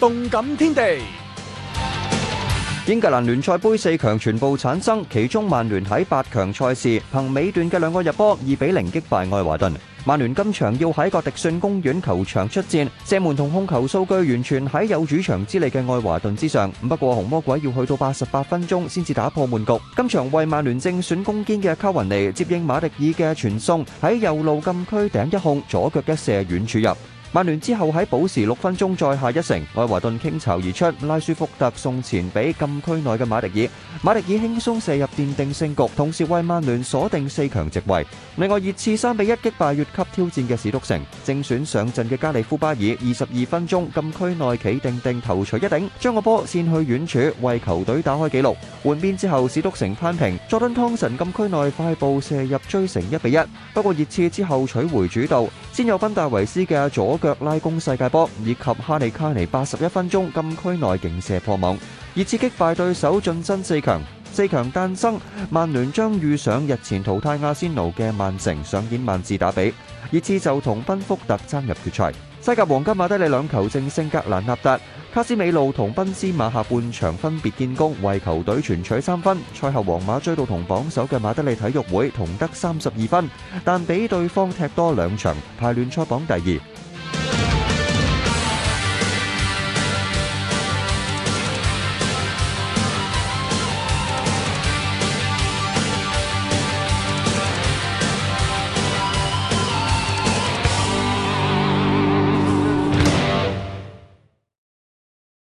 動感天地，英格蘭聯賽杯四強全部產生，其中曼聯喺八強賽事憑尾段嘅兩個入波，二比零擊敗愛華頓。曼聯今場要喺哥迪遜公園球場出戰，射門同控球數據完全喺有主場之利嘅愛華頓之上。不過紅魔鬼要去到八十八分鐘先至打破悶局。今場為曼聯正選攻堅嘅卡雲尼接應馬迪爾嘅傳送，喺右路禁區頂一控，左腳一射遠柱入。曼聯之後喺補時六分鐘再下一城，愛華頓傾巢而出，拉舒福特送前俾禁區內嘅馬迪爾，馬迪爾輕鬆射入奠定勝局，同時為曼聯鎖定四強席位。另外熱刺三比一擊敗越級挑戰嘅史篤城，正選上陣嘅加利夫巴爾二十二分鐘禁區內企定定頭槌一頂，將個波扇去遠處為球隊打開紀錄。換邊之後史篤城扳平，佐敦湯臣禁區內快步射入追成一比一，1, 不過熱刺之後取回主導。先有賓戴維斯嘅左腳拉弓世界波，以及哈利卡尼八十一分鐘禁區內勁射破網，熱刺擊敗對手晉身四強。四強誕生，曼聯將遇上日前淘汰阿仙奴嘅曼城上演萬字打比，熱刺就同賓福特爭入決賽，西甲黃金馬德里兩球淨勝格蘭納達。卡斯美路同賓斯馬下半場分別建功，為球隊全取三分。賽後，皇馬追到同榜首嘅馬德里體育會同得三十二分，但比對方踢多兩場，排聯賽榜第二。